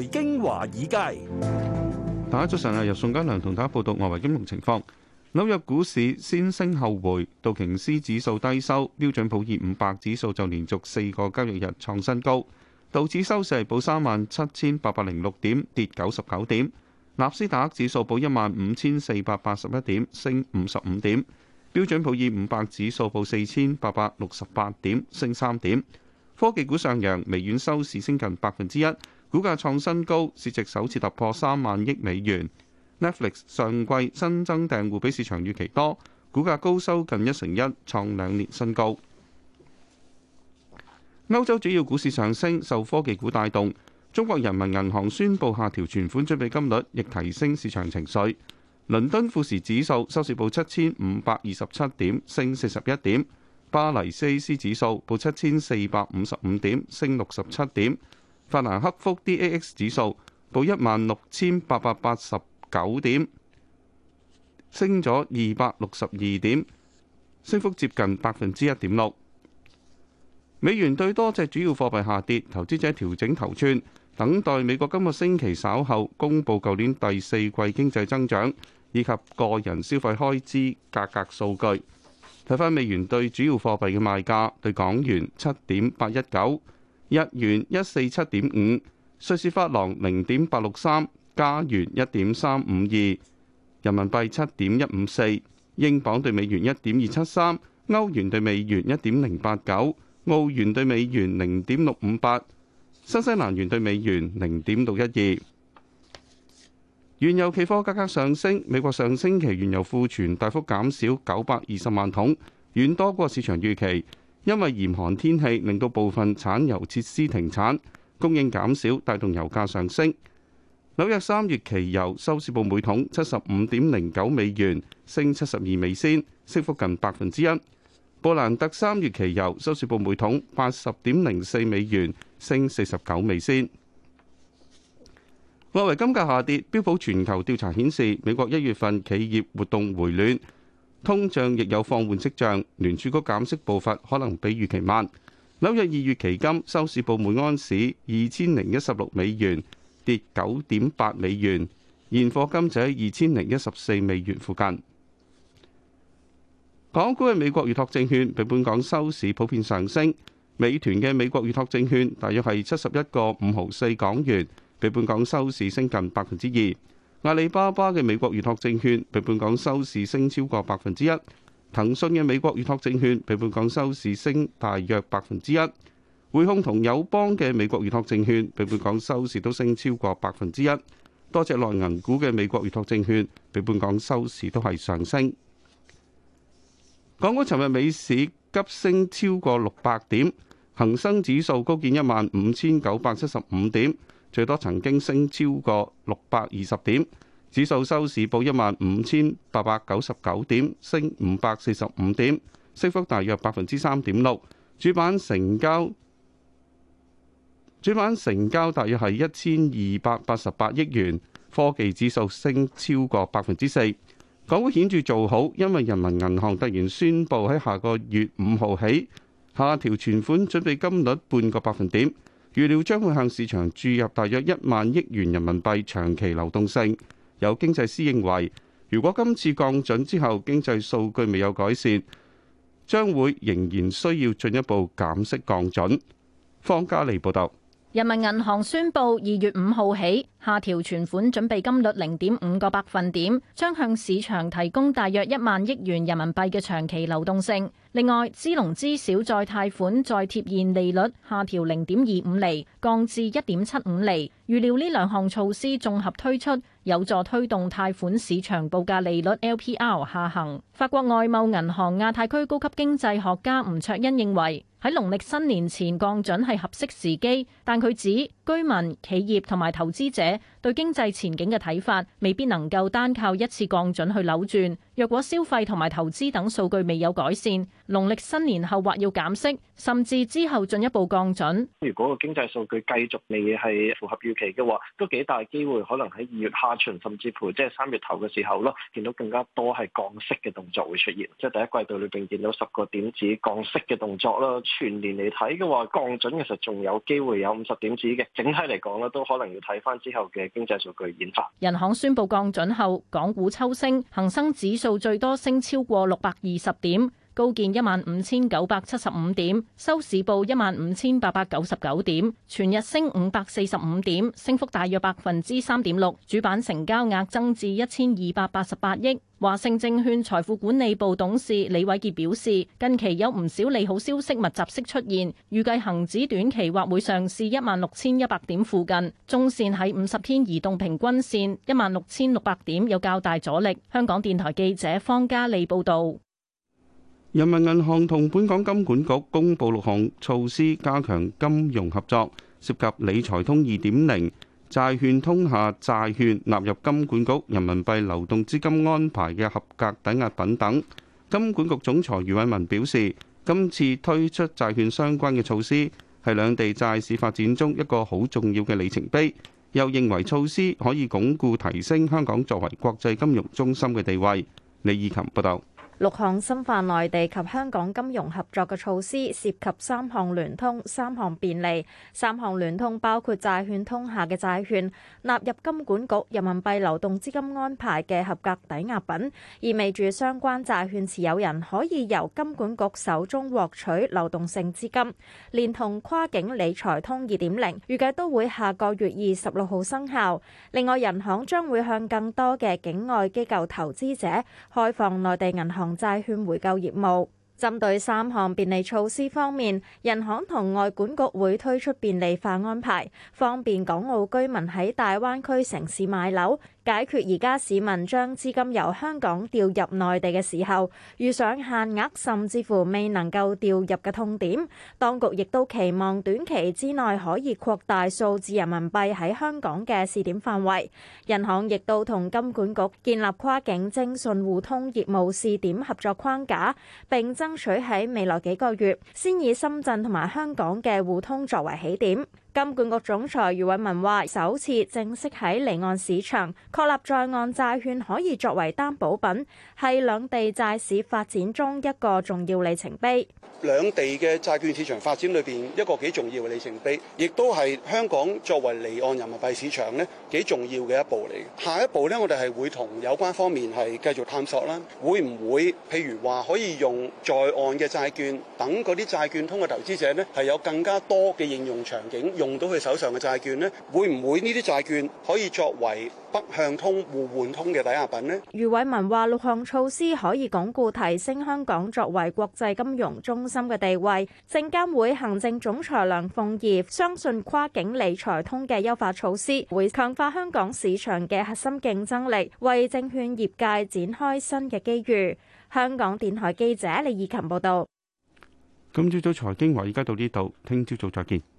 財經華爾街，大家早晨啊！由宋嘉良同大家報道外圍金融情況。紐約股市先升後回，道瓊斯指數低收，標準普爾五百指數就連續四個交易日創新高，道指收市係報三萬七千八百零六點，跌九十九點；納斯達克指數報一萬五千四百八十一點，升五十五點；標準普爾五百指數報四千八百六十八點，升三點。科技股上揚，微軟收市升近百分之一。股價創新高，市值首次突破三萬億美元。Netflix 上季新增訂戶比市場預期多，股價高收近一成一，創兩年新高。歐洲主要股市上升，受科技股帶動。中國人民銀行宣佈下調存款準備金率，亦提升市場情緒。倫敦富時指數收市報七千五百二十七點，升四十一點。巴黎 CAC 指數報七千四百五十五點，升六十七點。法蘭克福 DAX 指數報一萬六千八百八十九點，升咗二百六十二點，升幅接近百分之一點六。美元對多隻主要貨幣下跌，投資者調整頭寸，等待美國今個星期稍後公佈舊年第四季經濟增長以及個人消費開支價格數據。睇翻美元對主要貨幣嘅賣價，對港元七點八一九。日元一四七點五，瑞士法郎零點八六三，加元一點三五二，人民幣七點一五四，英鎊對美元一點二七三，歐元對美元一點零八九，澳元對美元零點六五八，新西蘭元對美元零點六一二。原油期貨價格上升，美國上星期原油庫存大幅減少九百二十萬桶，遠多過市場預期。因為嚴寒天氣令到部分產油設施停產，供應減少，帶動油價上升。紐約三月期油收市報每桶七十五點零九美元，升七十二美仙，升幅近百分之一。布蘭特三月期油收市報每桶八十點零四美元，升四十九美仙。外圍金價下跌，標普全球調查顯示美國一月份企業活動回暖。通脹亦有放緩跡象，聯儲局減息步伐可能比預期慢。紐約二月期金收市報每安士二千零一十六美元，跌九點八美元；現貨金就喺二千零一十四美元附近。港股嘅美國預託證券比本港收市普遍上升，美團嘅美國預託證券大約係七十一個五毫四港元，比本港收市升近百分之二。阿里巴巴嘅美國預託證券比本港收市升超過百分之一，騰訊嘅美國預託證券比本港收市升大約百分之一，匯控同友邦嘅美國預託證券比本港收市都升超過百分之一，多隻內銀股嘅美國預託證券比本港收市都係上升。港股尋日尾市急升超過六百點，恒生指數高見一萬五千九百七十五點。最多曾經升超過六百二十點，指數收市報一萬五千八百九十九點，升五百四十五點，升幅大約百分之三點六。主板成交，主板成交大約係一千二百八十八億元。科技指數升超過百分之四，港股顯著做好，因為人民銀行突然宣布喺下個月五號起下調存款準備金率半個百分點。預料將會向市場注入大約一萬億元人民幣長期流動性。有經濟師認為，如果今次降準之後經濟數據未有改善，將會仍然需要進一步減息降準。方家利報導。人民銀行宣布，二月五號起下調存款準備金率零點五個百分點，將向市場提供大約一萬億元人民幣嘅長期流動性。另外，支農支小再貸款再貼現利率下調零點二五厘，降至一點七五厘。預料呢兩項措施綜合推出，有助推動貸款市場報價利率 LPR 下行。法國外貿銀行亞太區高級經濟學家吳卓恩認為。喺農曆新年前降準係合適時機，但佢指居民、企業同埋投資者對經濟前景嘅睇法未必能夠單靠一次降準去扭轉。若果消費同埋投資等數據未有改善，農曆新年後或要減息，甚至之後進一步降準。如果個經濟數據繼續未係符合預期嘅話，都幾大機會可能喺二月下旬甚至乎即係三月頭嘅時候咯，見到更加多係降息嘅動作會出現。即係第一季度裏邊見到十個點子降息嘅動作啦。全年嚟睇嘅話，降準其實仲有機會有五十點子嘅。整體嚟講呢，都可能要睇翻之後嘅經濟數據演發。人行宣布降準後，港股抽升，恒生指數最多升超過六百二十點。高見一萬五千九百七十五點，收市報一萬五千八百九十九點，全日升五百四十五點，升幅大約百分之三點六。主板成交額增至一千二百八十八億。華盛證券財富管理部董事李偉杰表示，近期有唔少利好消息密集式出現，預計恒指短期或會上試一萬六千一百點附近，中線喺五十天移動平均線一萬六千六百點有較大阻力。香港電台記者方嘉莉報道。人民銀行同本港金管局公布六項措施加強金融合作，涉及理財通2.0、債券通下債券納入金管局人民幣流動資金安排嘅合格抵押品等。金管局總裁余偉文表示，今次推出債券相關嘅措施係兩地債市發展中一個好重要嘅里程碑，又認為措施可以鞏固提升香港作為國際金融中心嘅地位。李以琴報道。六項深化內地及香港金融合作嘅措施，涉及三項聯通、三項便利、三項聯通包括債券通下嘅債券納入金管局人民幣流動資金安排嘅合格抵押品，意味住相關債券持有人可以由金管局手中獲取流動性資金。連同跨境理財通二點零，預計都會下個月二十六號生效。另外，人行將會向更多嘅境外機構投資者開放內地銀行同債券回購業務，針對三項便利措施方面，人行同外管局會推出便利化安排，方便港澳居民喺大灣區城市買樓。解決而家市民將資金由香港調入內地嘅時候，遇上限額，甚至乎未能夠調入嘅痛點，當局亦都期望短期之內可以擴大數字人民幣喺香港嘅試點範圍。人行亦都同金管局建立跨境徵信互通業務試點合作框架，並爭取喺未來幾個月先以深圳同埋香港嘅互通作為起點。金管局總裁余偉文話，首次正式喺離岸市場確立在岸債券可以作為擔保品，係兩地債市發展中一個重要里程碑。兩地嘅債券市場發展裏邊一個幾重要嘅里程碑，亦都係香港作為離岸人民幣市場咧幾重要嘅一步嚟嘅。下一步咧，我哋係會同有關方面係繼續探索啦，會唔會譬如話可以用在岸嘅債券等嗰啲債券通嘅投資者咧，係有更加多嘅應用場景。用到佢手上嘅債券呢，會唔會呢啲債券可以作為北向通互換通嘅抵押品呢？余偉文話六項措施可以鞏固提升香港作為國際金融中心嘅地位。證監會行政總裁梁鳳儀相信跨境理財通嘅優化措施會強化香港市場嘅核心競爭力，為證券業界展開新嘅機遇。香港電台記者李以琴報道。今朝早財經華，而家到呢度，聽朝早再見。